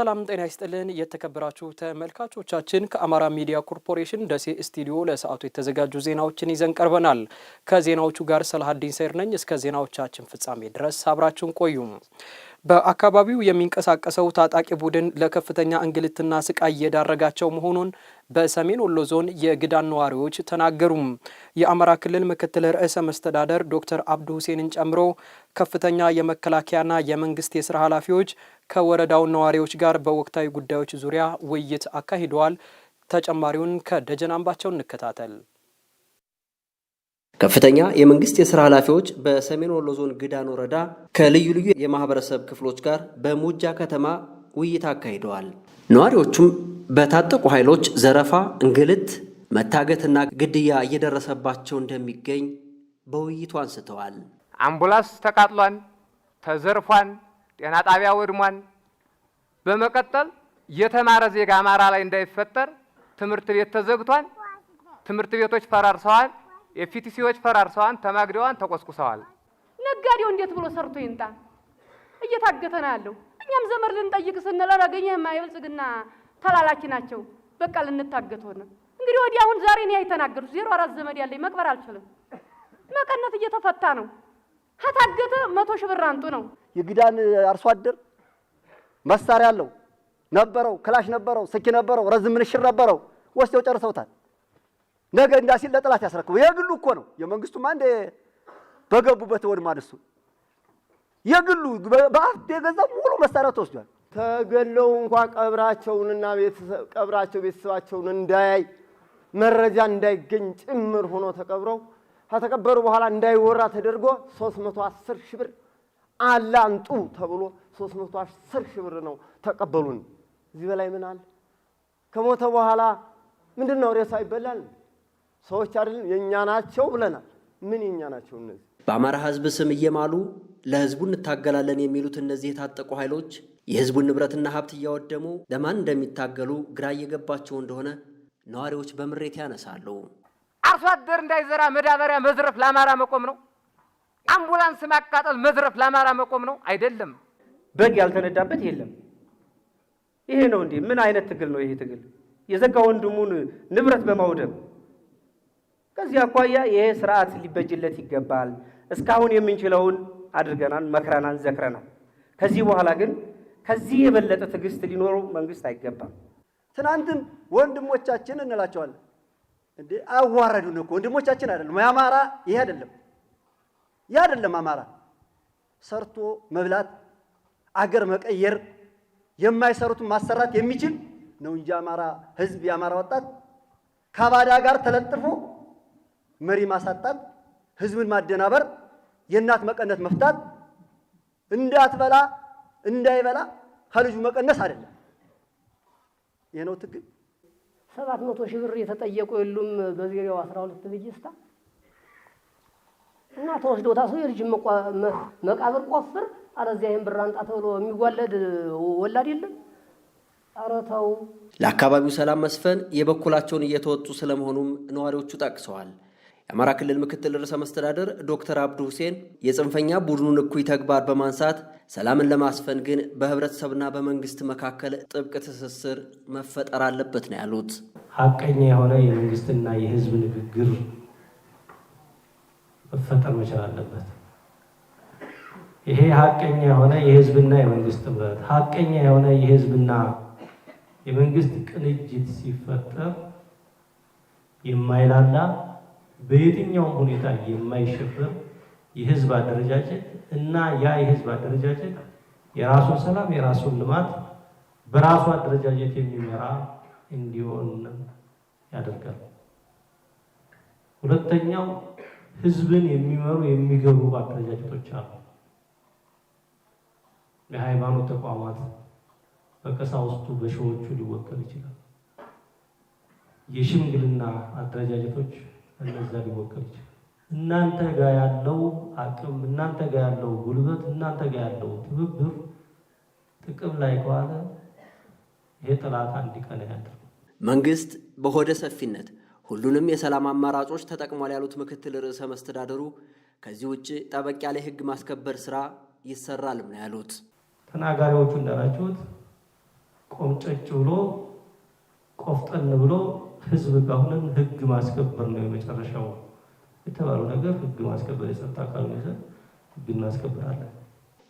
ሰላም ጤና ይስጥልን። የተከበራችሁ ተመልካቾቻችን ከአማራ ሚዲያ ኮርፖሬሽን ደሴ ስቱዲዮ ለሰዓቱ የተዘጋጁ ዜናዎችን ይዘን ቀርበናል። ከዜናዎቹ ጋር ሰላሀዲን ሰይር ነኝ። እስከ ዜናዎቻችን ፍጻሜ ድረስ አብራችሁን ቆዩም። በአካባቢው የሚንቀሳቀሰው ታጣቂ ቡድን ለከፍተኛ እንግልትና ስቃይ እየዳረጋቸው መሆኑን በሰሜን ወሎ ዞን የግዳን ነዋሪዎች ተናገሩም። የአማራ ክልል ምክትል ርዕሰ መስተዳደር ዶክተር አብዱ ሁሴንን ጨምሮ ከፍተኛ የመከላከያና የመንግስት የስራ ኃላፊዎች ከወረዳው ነዋሪዎች ጋር በወቅታዊ ጉዳዮች ዙሪያ ውይይት አካሂደዋል። ተጨማሪውን ከደጀን አምባቸው እንከታተል። ከፍተኛ የመንግስት የስራ ኃላፊዎች በሰሜን ወሎ ዞን ግዳን ወረዳ ከልዩ ልዩ የማህበረሰብ ክፍሎች ጋር በሙጃ ከተማ ውይይት አካሂደዋል። ነዋሪዎቹም በታጠቁ ኃይሎች ዘረፋ፣ እንግልት፣ መታገትና ግድያ እየደረሰባቸው እንደሚገኝ በውይይቱ አንስተዋል። አምቡላንስ ተቃጥሏን፣ ተዘርፏን፣ ጤና ጣቢያ ወድሟን። በመቀጠል የተማረ ዜጋ አማራ ላይ እንዳይፈጠር ትምህርት ቤት ተዘግቷን፣ ትምህርት ቤቶች ፈራርሰዋል። የፊቲሲዎች ፈራርሰዋን ተማግደዋን ተቆስቁሰዋል። ነጋዴው እንዴት ብሎ ሰርቶ ይንጣ እየታገተ ነው ያለው። እኛም ዘመድ ልንጠይቅ ስንል ረገኘ የማይበልጽግና ተላላኪ ናቸው፣ በቃ ልንታገት እንግዲህ ወዲህ አሁን ዛሬ ነው የተናገሩት። ዜሮ አራት ዘመድ ያለኝ መቅበር አልችልም። መቀነት እየተፈታ ነው። ከታገተ መቶ ሺህ ብር አንጡ ነው። የግዳን አርሶ አደር መሳሪያ አለው ነበረው፣ ክላሽ ነበረው፣ ስኪ ነበረው፣ ረዝም ምንሽር ነበረው። ወስደው ጨርሰውታል። ነገ እንዳሲል ለጠላት ያስረክቡ። የግሉ እኮ ነው። የመንግስቱም አንድ በገቡበት ወድ ማለት እሱ የግሉ በአፍ የገዛው ሙሉ መሳሪያ ተወስዷል። ተገለው እንኳ ቀብራቸውንና ቀብራቸው ቤተሰባቸውን እንዳያይ መረጃ እንዳይገኝ ጭምር ሆኖ ተቀብረው ከተቀበሩ በኋላ እንዳይወራ ተደርጎ 310 ሺህ ብር አላንጡ ተብሎ 310 ሺህ ብር ነው ተቀበሉን። እዚህ በላይ ምን አለ? ከሞተ በኋላ ምንድን ነው ሬሳ ይበላል? ሰዎች አይደለም የእኛ ናቸው ብለናል። ምን የእኛ ናቸው እነዚህ? በአማራ ህዝብ ስም እየማሉ ለህዝቡ እንታገላለን የሚሉት እነዚህ የታጠቁ ኃይሎች የህዝቡን ንብረትና ሀብት እያወደሙ ለማን እንደሚታገሉ ግራ እየገባቸው እንደሆነ ነዋሪዎች በምሬት ያነሳሉ። አርሶ አደር እንዳይዘራ መዳበሪያ መዝረፍ ለአማራ መቆም ነው። አምቡላንስ ማቃጠል መዝረፍ ለአማራ መቆም ነው አይደለም። በግ ያልተነዳበት የለም። ይሄ ነው እንዲህ ምን አይነት ትግል ነው ይሄ ትግል? የዘጋ ወንድሙን ንብረት በማውደም ከዚህ አኳያ ይሄ ስርዓት ሊበጅለት ይገባል። እስካሁን የምንችለውን አድርገናል፣ መክረናል፣ ዘክረናል። ከዚህ በኋላ ግን ከዚህ የበለጠ ትዕግስት ሊኖረው መንግስት አይገባም። ትናንትም ወንድሞቻችን እንላቸዋለን እንዴ አዋረዱን እኮ ወንድሞቻችን አይደለም። የአማራ ይሄ አይደለም፣ ይህ አይደለም። አማራ ሰርቶ መብላት አገር መቀየር የማይሰሩትን ማሰራት የሚችል ነው እንጂ አማራ ህዝብ የአማራ ወጣት ከባዳ ጋር ተለጥፎ መሪ ማሳጣት፣ ህዝብን ማደናበር፣ የእናት መቀነት መፍታት እንዳትበላ እንዳይበላ ከልጁ መቀነስ አይደለም። ይህ ነው ትግል። ሰባት መቶ ሺህ ብር የተጠየቁ የሉም በዜሬው አስራ ሁለት ብጅስታ እና ተወስደው ታስሮ የልጅ መቃብር ቆፍር አለዚያ ይህን ብር አንጣ ተብሎ የሚዋለድ ወላድ የለም። ኧረ ለአካባቢው ሰላም መስፈን የበኩላቸውን እየተወጡ ስለመሆኑም ነዋሪዎቹ ጠቅሰዋል። የአማራ ክልል ምክትል ርዕሰ መስተዳደር ዶክተር አብዱ ሁሴን የጽንፈኛ ቡድኑን እኩይ ተግባር በማንሳት ሰላምን ለማስፈን ግን በህብረተሰብና በመንግስት መካከል ጥብቅ ትስስር መፈጠር አለበት ነው ያሉት። ሀቀኛ የሆነ የመንግስትና የህዝብ ንግግር መፈጠር መቻል አለበት። ይሄ ሀቀኛ የሆነ የህዝብና የመንግስት ጥምረት፣ ሀቀኛ የሆነ የህዝብና የመንግስት ቅንጅት ሲፈጠር የማይላላ በየትኛውም ሁኔታ የማይሸፈር የህዝብ አደረጃጀት እና ያ የህዝብ አደረጃጀት የራሱን ሰላም የራሱን ልማት በራሱ አደረጃጀት የሚመራ እንዲሆን ያደርጋል። ሁለተኛው ህዝብን የሚመሩ የሚገቡ አደረጃጀቶች አሉ። የሃይማኖት ተቋማት በቀሳውስቱ በሺዎቹ ሊወከል ይችላል። የሽምግልና አደረጃጀቶች እነዛ ሊሞክር ይችላል። እናንተ ጋር ያለው አቅም፣ እናንተ ጋር ያለው ጉልበት፣ እናንተ ጋር ያለው ትብብር ጥቅም ላይ ከዋለ ይሄ ጠላት አንድ ቀን መንግስት በሆደ ሰፊነት ሁሉንም የሰላም አማራጮች ተጠቅሟል ያሉት ምክትል ርዕሰ መስተዳደሩ ከዚህ ውጭ ጠበቅ ያለ የህግ ማስከበር ስራ ይሰራልም ነው ያሉት። ተናጋሪዎቹ እንዳላችሁት ቆምጨጭ ብሎ ቆፍጠን ብሎ ህዝብ አሁንም ህግ ማስከበር ነው የመጨረሻው የተባለው ነገር ህግ ማስከበር፣ የጸጥታ አካል ይዘን ህግ እናስከብራለን።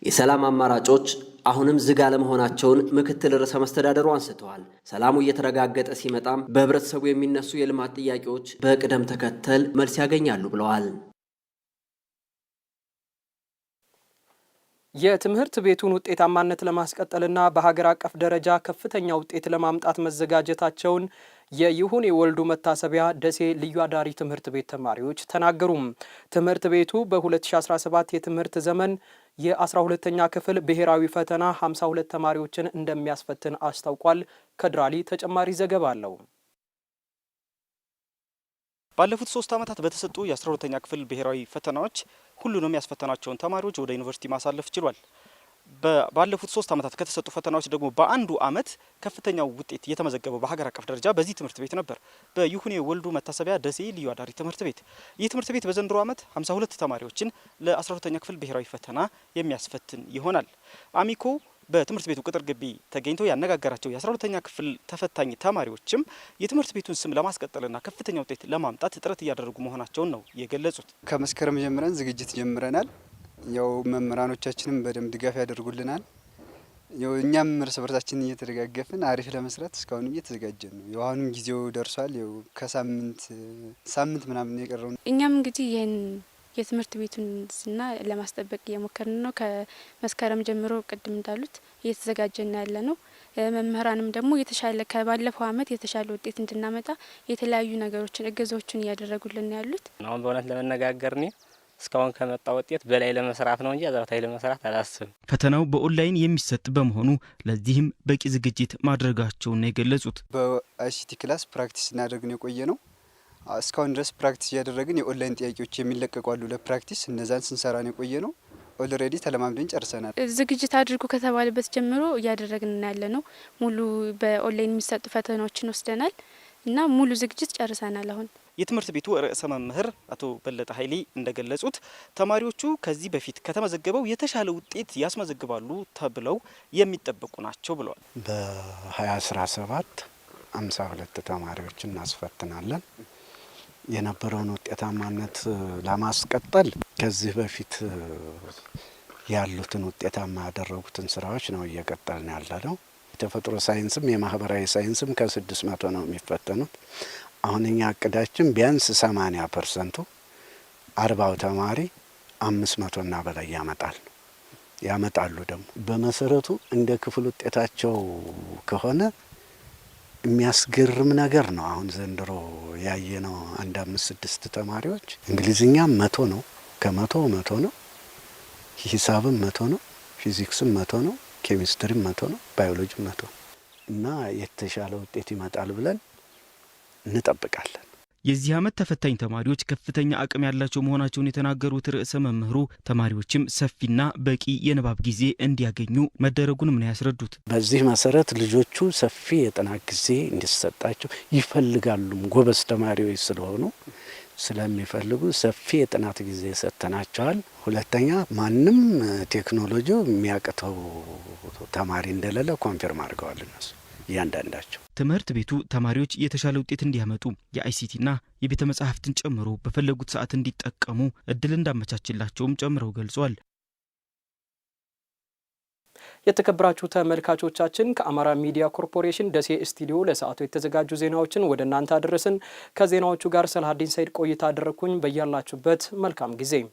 የሰላም አማራጮች አሁንም ዝግ አለመሆናቸውን ምክትል ርዕሰ መስተዳደሩ አንስተዋል። ሰላሙ እየተረጋገጠ ሲመጣም በህብረተሰቡ የሚነሱ የልማት ጥያቄዎች በቅደም ተከተል መልስ ያገኛሉ ብለዋል። የትምህርት ቤቱን ውጤታማነት ለማስቀጠልና በሀገር አቀፍ ደረጃ ከፍተኛ ውጤት ለማምጣት መዘጋጀታቸውን የይሁን ወልዱ መታሰቢያ ደሴ ልዩ አዳሪ ትምህርት ቤት ተማሪዎች ተናገሩም። ትምህርት ቤቱ በ2017 የትምህርት ዘመን የ12ተኛ ክፍል ብሔራዊ ፈተና 52 ተማሪዎችን እንደሚያስፈትን አስታውቋል። ከድራሊ ተጨማሪ ዘገባ አለው። ባለፉት ሶስት ዓመታት በተሰጡ የ12ተኛ ክፍል ብሔራዊ ፈተናዎች ሁሉንም ያስፈተናቸውን ተማሪዎች ወደ ዩኒቨርሲቲ ማሳለፍ ችሏል። ባለፉት ሶስት ዓመታት ከተሰጡ ፈተናዎች ደግሞ በአንዱ ዓመት ከፍተኛው ውጤት የተመዘገበው በሀገር አቀፍ ደረጃ በዚህ ትምህርት ቤት ነበር፣ በይሁኔ ወልዱ መታሰቢያ ደሴ ልዩ አዳሪ ትምህርት ቤት። ይህ ትምህርት ቤት በዘንድሮ ዓመት 52 ተማሪዎችን ለ12ተኛ ክፍል ብሔራዊ ፈተና የሚያስፈትን ይሆናል። አሚኮ በትምህርት ቤቱ ቅጥር ግቢ ተገኝቶ ያነጋገራቸው የ12ተኛ ክፍል ተፈታኝ ተማሪዎችም የትምህርት ቤቱን ስም ለማስቀጠልና ከፍተኛ ውጤት ለማምጣት ጥረት እያደረጉ መሆናቸውን ነው የገለጹት። ከመስከረም ጀምረን ዝግጅት ጀምረናል። ያው መምህራኖቻችንም በደንብ ድጋፍ ያደርጉልናል። ያው እኛም እርስ በርሳችን እየተደጋገፍን አሪፍ ለመስራት እስካሁን እየተዘጋጀን ነው። የአሁኑም ጊዜው ደርሷል። ያው ከሳምንት ሳምንት ምናምን የቀረው እኛም እንግዲህ ይህን የትምህርት ቤቱን ስና ለማስጠበቅ እየሞከርን ነው። ከመስከረም ጀምሮ ቅድም እንዳሉት እየተዘጋጀን ያለ ነው። መምህራንም ደግሞ የተሻለ ከባለፈው አመት የተሻለ ውጤት እንድናመጣ የተለያዩ ነገሮችን እገዛዎችን እያደረጉልን ያሉት። አሁን በእውነት ለመነጋገር ኔ እስካሁን ከመጣ ውጤት በላይ ለመስራት ነው እንጂ አዛብታይ ለመስራት አላስብም። ፈተናው በኦንላይን የሚሰጥ በመሆኑ ለዚህም በቂ ዝግጅት ማድረጋቸውን ነው የገለጹት። በአይሲቲ ክላስ ፕራክቲስ እናደርግን የቆየ ነው እስካሁን ድረስ ፕራክቲስ እያደረግን የኦንላይን ጥያቄዎች የሚለቀቁ አሉ ለፕራክቲስ እነዛን ስንሰራ የቆየ ነው። ኦልሬዲ ተለማምደን ጨርሰናል። ዝግጅት አድርጉ ከተባለበት ጀምሮ እያደረግን ያለ ነው። ሙሉ በኦንላይን የሚሰጡ ፈተናዎችን ወስደናል እና ሙሉ ዝግጅት ጨርሰናል አሁን የትምህርት ቤቱ ርዕሰ መምህር አቶ በለጠ ኃይሌ እንደገለጹት ተማሪዎቹ ከዚህ በፊት ከተመዘገበው የተሻለ ውጤት ያስመዘግባሉ ተብለው የሚጠበቁ ናቸው ብለዋል። በ2017 52 ተማሪዎች እናስፈትናለን። የነበረውን ውጤታማነት ለማስቀጠል ከዚህ በፊት ያሉትን ውጤታማ ያደረጉትን ስራዎች ነው እየቀጠልን ያለ ነው። የተፈጥሮ ሳይንስም የማህበራዊ ሳይንስም ከስድስት መቶ ነው የሚፈተኑት። አሁን እኛ እቅዳችን ቢያንስ ሰማኒያ ፐርሰንቱ አርባው ተማሪ አምስት መቶና በላይ ያመጣል ያመጣሉ ደግሞ በመሰረቱ እንደ ክፍል ውጤታቸው ከሆነ የሚያስገርም ነገር ነው። አሁን ዘንድሮ ያየነው አንድ አምስት ስድስት ተማሪዎች እንግሊዝኛም መቶ ነው፣ ከመቶ መቶ ነው፣ ሂሳብም መቶ ነው፣ ፊዚክስም መቶ ነው፣ ኬሚስትሪም መቶ ነው፣ ባዮሎጂም መቶ ነው እና የተሻለ ውጤት ይመጣል ብለን እንጠብቃለን። የዚህ ዓመት ተፈታኝ ተማሪዎች ከፍተኛ አቅም ያላቸው መሆናቸውን የተናገሩት ርዕሰ መምህሩ ተማሪዎችም ሰፊና በቂ የንባብ ጊዜ እንዲያገኙ መደረጉንም ነው ያስረዱት። በዚህ መሰረት ልጆቹ ሰፊ የጥናት ጊዜ እንዲሰጣቸው ይፈልጋሉም ጎበዝ ተማሪዎች ስለሆኑ ስለሚፈልጉ ሰፊ የጥናት ጊዜ ሰጥተናቸዋል። ሁለተኛ ማንም ቴክኖሎጂ የሚያቅተው ተማሪ እንደሌለ ኮንፊርም አድርገዋል እነሱ እያንዳንዳቸው ትምህርት ቤቱ ተማሪዎች የተሻለ ውጤት እንዲያመጡ የአይሲቲና የቤተ መጻሕፍትን ጨምሮ በፈለጉት ሰዓት እንዲጠቀሙ እድል እንዳመቻችላቸውም ጨምረው ገልጿል። የተከበራችሁ ተመልካቾቻችን ከአማራ ሚዲያ ኮርፖሬሽን ደሴ ስቱዲዮ ለሰዓቱ የተዘጋጁ ዜናዎችን ወደ እናንተ አደረስን። ከዜናዎቹ ጋር ሰላሀዲን ሰይድ ቆይታ አደረግኩኝ። በያላችሁበት መልካም ጊዜ